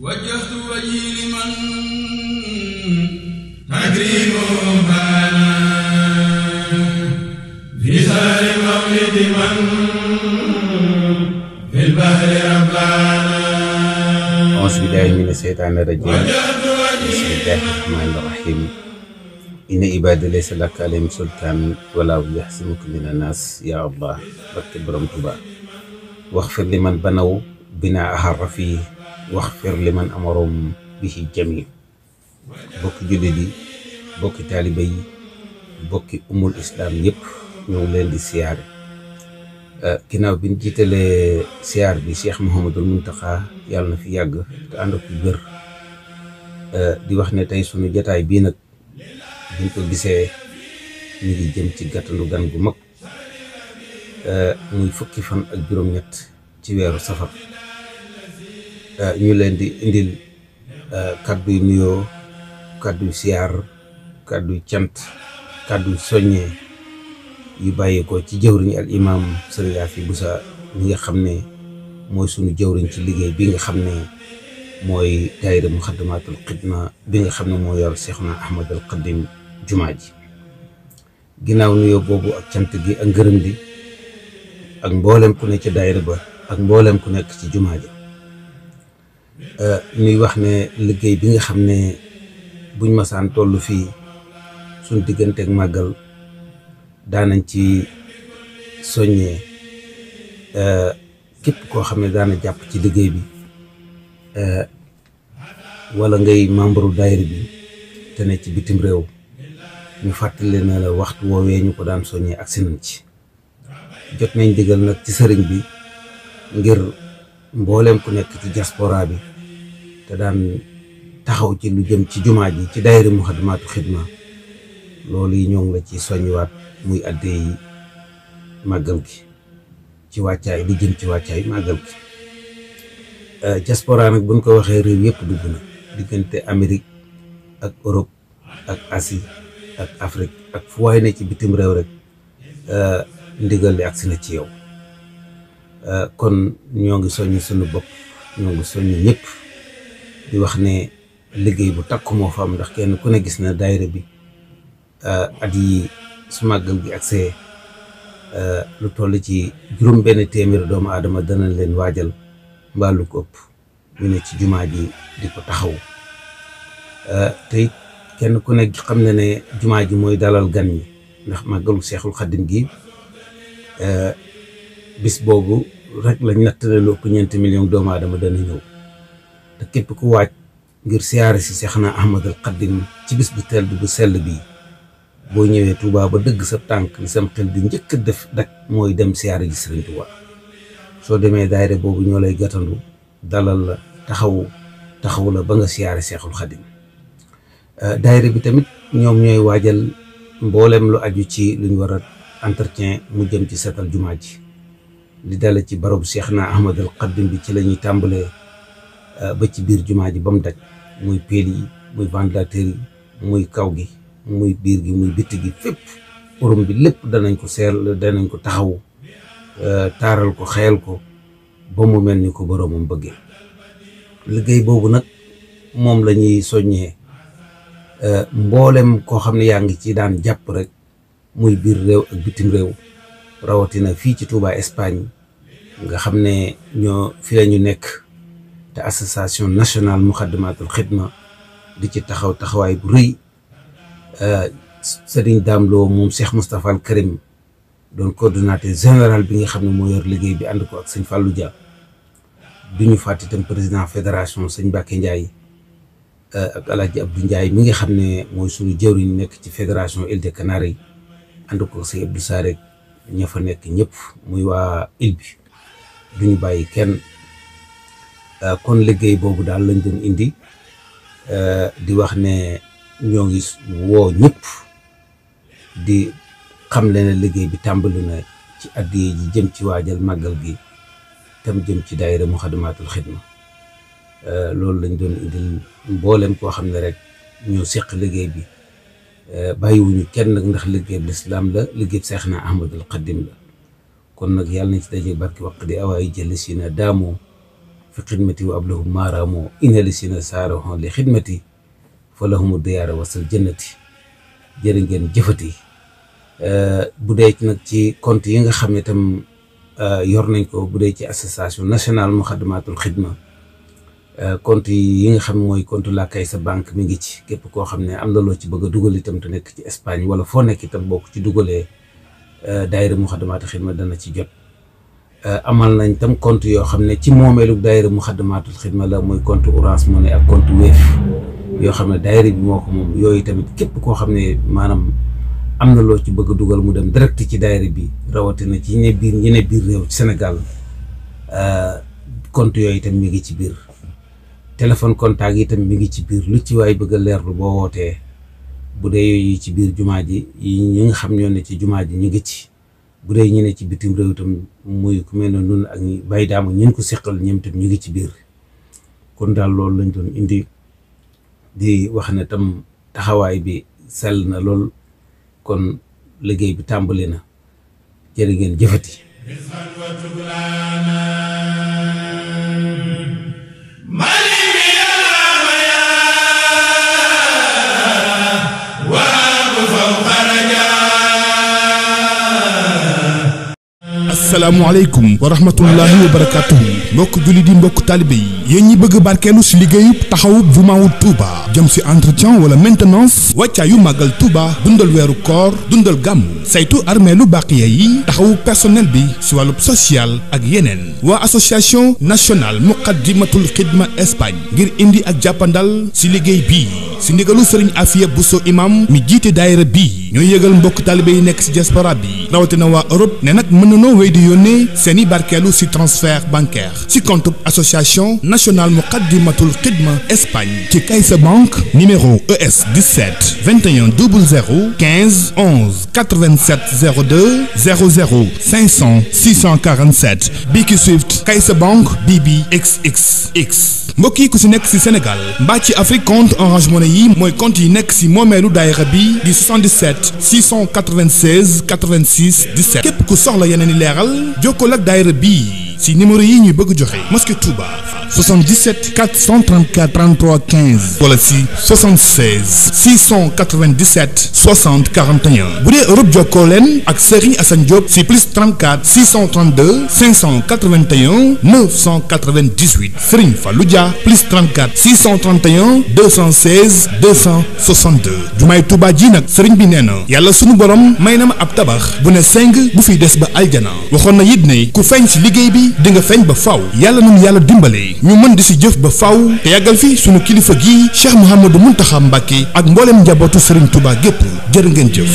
وجهت وجهي لمن تكريم بانا في سهر مولد من في البحر ربانا أعوذ بالله من الشيطان الرجيم بسم الله الرحمن الرحيم إن عبادي ليس لك عليهم سلطان ولا يحسنك من الناس يا الله ركب رمتبا واغفر لمن بنوا بناءها الرفيه wax waxfir liman amaroom bihi jami bokki jullit yi bokki taaliba yi bokki umul islaam yépp ñu leen di siyaare euh, ginnaaw bi ñu jiitalee siyaar bi Cheikh Mouhamadul Muntaxa yàlla na fi yàgg te ànd ak wér euh, di wax ne tey sunu jataay bii nag buñ ko gisee ñu ngi jëm ci gàttandu gan gu mag euh, muy fukki fan ak juróom-ñett ci weeru safar Euh, ñu leen di indil euh, kaddu yu nuyoo kaddu yu siyaar kaddu cant kaddu yu soññee yu bàyyi ko ci jëwriñ al imaam sëriñ Afi Busa mi nga xam ne mooy sunu jëwriñ ci liggéey bi nga xam ne mooy daayira muxaddamaatul xidma bi nga xam ne moo yor Seexna Ahmadul Xadim jumaa ji ginnaaw nuyoo boobu ak cant gi ak ngërëm di ak mboolem ku ne ci daayira ak mboolem ku nekk ci jumaa ji Euh, ñuy wax ne liggéey bi nga xam ne buñ masaan toll fii suñ digganteeg màggal daanañ ci soññee euh, képp koo xam ne daana jàpp ci liggéey bi euh, walla ngay membre daayira bi te ne ci bitim réew ñu fàttali na la waxtu woowee ñu ko daan soññee ak seenam ci jot nañ digal nag ci sëriñ bi ngir mboolem ku nekk ci diaspora bi te daan taxaw ci lu jëm ci jumaa ji ci daayira Muxaddamatul Xidma loolu yi ñoo ngi la ci soññiwaat muy addee yi màggal gi ci wàccaay lu jëm ci wàccaay màggal gi euh, diaspora nag buñ ko waxee réew yëpp dugg na diggante Amérique ak Europe ak Asie ak Afrique ak fu waay ne ci bitim réew rek euh, ndigal li agsi na ci yow euh, kon ñoo ngi soññ sunu bopp ñoo ngi soññ ñëpp di wax ne liggéey bu takku moo fa ndax kenn ku ne gis na dayre bi euh, at yi su màggal gi ak see euh, lu toll ci juróom benn téeméeri doomu aadama danañ leen waajal mbaalu ko ëpp ñu ne ci jumaa ji di ko taxaw euh, te it kenn ku ne xam ne ne jumaa ji mooy dalal gan ñi ndax màggalu seexul xaddim gi bis boobu rek lañ natt ne lu ëpp ñeenti million doomu adama dana ñëw te képp ngir siyaare si na Ahmadul xaddin ci bis bu tedd bu sell bi boo ñëwee Touba ba dëgg sa tànk li sam xel di njëkk a def dak mooy dem siyaare ji Sëriñ Touba soo demee daayira boobu ñoo lay gàttandu dalal la taxawu taxaw la ba nga siyaare Seexul xaddin euh, daayira bi tamit ñoom ñooy waajal mboolem lu aju ci luñu war a entretien mu jëm ci seetal jumaa ji li dale ci barabu Seexna Ahmadul Xaddim bi ci lañuy ñuy tàmbalee Euh, ba ci biir jumaa ji ba mu daj muy peel muy ventilateur yi muy kaw gi muy biir gi muy bitti gi fépp urum bi lépp danañ ko seel danañ ko taxaw euh, taaral ko xeel ko ba mu mel ni ko boroomam bëgge liggéey boobu nag moom lañuy soññee euh, mboolem koo xam ne yaa ngi ci daan jàpp rek muy biir réew ak bitim réew rawatina fii ci Touba Espagne nga xam ne ñoo fi la ñu nekk te association nationale muxaddamaatul xidma di ci taxaw taxawaay bu rëy euh, Sëriñ Daam Lo moom Cheikh Moustapha al Karim doon coordonnateur général bi nga xam ne moo yor liggéey bi ànd ko sëñ Fallou Dia du ñu fàtte président fédération sëñ Ndiaye euh, ak El Hadj mi nga xam ne mooy suñu jëwriñ nekk ci fédération Îles des Canaries ànd ko sëñ Abdou Sarr ña fa nekk ñëpp muy waa île bi duñu bàyyi kenn. Euh, kon liggéey boobu daal lañ doon indi euh, di wax ne ñoo ngi woo ñëpp di xam ne liggéey bi tàmbali na ci addiya ji jëm ci waajal màggal gi tam jëm ci daayira Muxaddamaatul Xidma euh, loolu lañ doon indil mboolem koo xam ne rek ñu seq liggéey bi bàyyiwuñu kenn nag ndax liggéeyub lislaam la liggéeyub seex na Ahmadul Xadim la kon nag yàlla nañ ci daje barki waqti awaay jëli si na daamoo. fi xidmati wa ablahum maaraamoo inali sina saarahon li xidmati fa lahumu diyaara wasal jannati jërë ngeen jëfati eh, bu dee nag ci compte yi nga xam ne tam eh, yor nañ ko bu dee ci association nationale muxaddamaatul xidma eh, compte yi nga xam mooy compte la sa banque mu ngi ci képp koo xam ne am na loo ci bëgg a dugal itam te nekk ci Espagne wala foo nekk itam boo ko ci dugalee daayira muxaddamaatul xidma dana ci jot Euh, amal nañ tam compte yoo xam ne ci moomeelu daayira Muxaddamaatul Xidma la mooy compte Orange Money ak compte Wave yoo xam ne daayira bi moo ko moom yooyu tamit képp koo xam ne maanaam am na loo ci bëgg dugal mu dem direct ci daayira bi rawatina ci ñi biir ñi ne biir réew Sénégal euh, compte yooyu itam mi ngi ci biir téléphone contact yi itam mi ngi ci biir lu ci waay bëgg leerlu boo wootee bu dee yooyu ci biir jumaa ji yi ñi nga xam ñoo ne ci jumaa ji ñu ngi ci bu dee ñu ne ci bitim réew tam muy ku mel ne noonu ak ñi bàyyi daama ñeen ko seqal ñoom tam ñu ngi ci biir kon daal loolu lañ doon indi di wax na tam taxawaay bi sell na lool kon liggéey bi tàmbali na jërë ngeen jëfati asalaamualeykum wa rahmatullahi wa barakatuhu mbokk julli di mbokk taalibé yi yéen ñi bëgg barkeelu si liggéeyub taxawub jumaawul Touba jëm si entretien wala maintenance wàccaa yu màggal tuuba dundal weeru koor dundal gàmm saytu armee lu baaqiya yi taxawu personnel bi si wàllu social ak yeneen waa association nationale muqaddimatul xidma Espagne ngir indi ak jàppandal si liggéey bii si ndigalu sëriñ bu Bousso imam mi jiite daayira bii ñooy yëgal mbokk taalibé yi nekk si diaspora bi rawatina waa Europe ne mën nanoo di yónnee seen i barkeelu si transfert bancaire si association nationale Muqaddimatul Xidma Espagne ci Caixa Bank numéro ES 17 21 00 15 11 87 02 00 500 647 Biki Swift Caixa Bank BBXXX mbokk yi ku si nekk si Sénégal mbaa ci Afrique compte Orange Money yi mooy compte yi nekk si moomeelu daayira bi di 77 696 86 képp ku soxla yeneen i leeral jokkoo ak daayira bii si numéro yi ñu bëgg joxe mosquée Touba 77 434 33 15 wala si 76 697 60 bu dee Europe jokkoo leen ak Serigne Assane Diop si plus 34 632 581 998 Serigne Fallou Dia plus 34 631 216 262 jumaay Touba ji nag Serigne bi nee na yàlla sunu borom may na ma ab tabax bu ne seng bu fi des ba aljana waxoon na it ne ku feeñ si liggéey bi. yi di nga feeñ ba faaw yàlla nañu yàlla dimbale ñu mën di si jëf ba faaw te yàggal fi suñu kilifa gii Cheikh mun taxam Mbacké ak mbooleem njabootu Serigne tubaab gépp jërë ngeen jëf